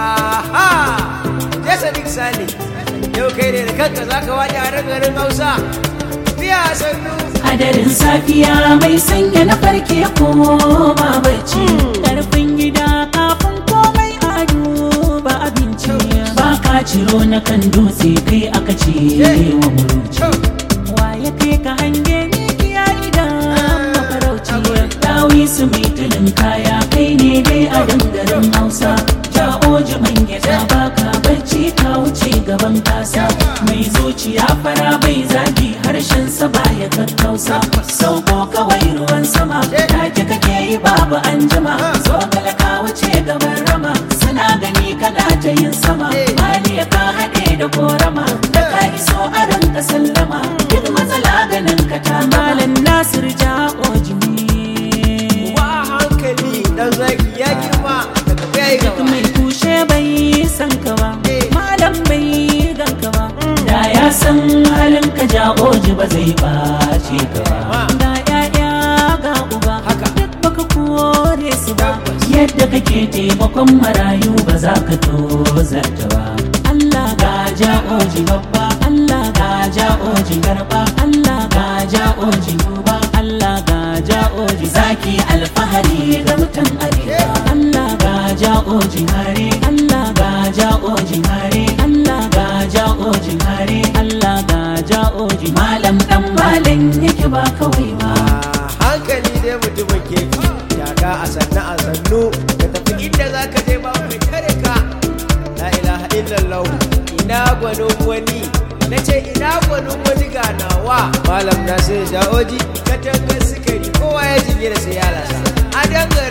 aha ya a garin safiya mai sanya na farke koma bacci karfin hmm. gida kafin komai a duba abinci ba ka ciro na kan dutse kai aka ce wa muruci ya kai ka hange ni kiya idan ah, mafarauci dawi su mai kaya ya tattausa sauko kawai ruwan sama take kake yi babu anjima zo talaka wuce gaban rama suna gani kana ta yin sama ya ka haɗe da korama da ka iso a ranka sallama duk matsala ganin ka ta malam nasir ja ojini. wa hankali da zaki yaki zai ɓace gaba ga ƴaƴa ga uba duk baka kore su ba kake taimakon marayu ba ka tozarta ba Allah ga oji babba Allah ga oji garba alfahari ga mutan arewa Allah ga taka a sannu a sannu ka tafi inda za ka je ba mai kare ka la ilaha illallah ina gwanin wani na ce ina gwanin wani ganawa malam na sai ja oji ka tanga sukari kowa ya jingina sai ya lasa a dangare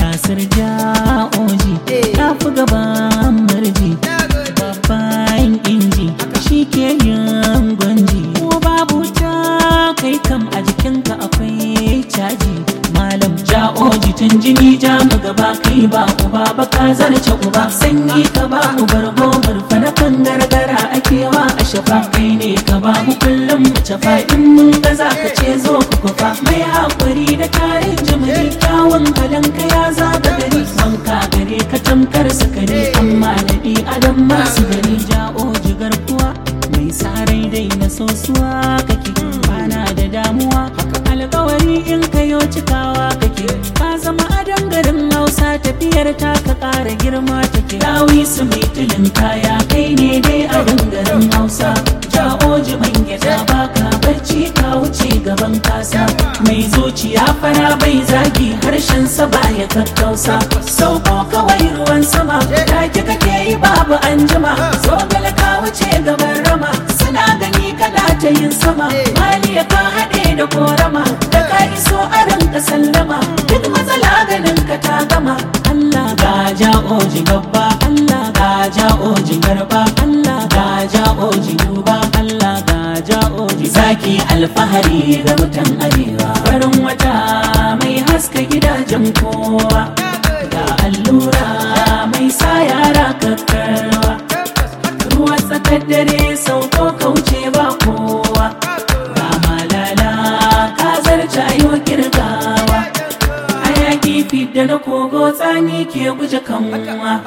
Nasir ja oji ta eh. fi gaba jini ja mu gaba kai ba uba ba ka zarce uba sanyi ka ba mu bargo murfa na kan gargara akewa a shafa kai ne ka ba mu kullum mu cafa in mun ga za ka ce zo ku kufa mai hakuri da tarin jimiri kyawun kalan ka ya zaba gari wanka gare ka tamkar sakare amma bi adam masu gari o jigar kuwa mai sarai dai na sosuwa kake bana da damuwa alkawari in kayo cikawa zama adon garin hausa tafiyar ta ka ƙara girma take dawi su mai tilin kaya kai ne dai adon garin hausa ja'o jiman gyada baka barci ka wuce gaban kasa mai zuciya fara bai zagi harshen sa baya kakkausa sauko kawai ruwan sama da ki kake yi babu anjima zogale ka wuce gaban rama suna gani kana ta yin sama maliya ka haɗe da kora ja oji babba Allah ka ja oji garba Allah ka ja oji duba Allah ka ja oji zaki alfahari ga mutan arewa farin wata mai haska gidajen kowa ga allura mai sa yara kakkarwa ruwa tsakar dare da na kogo tsani ke guje kanwa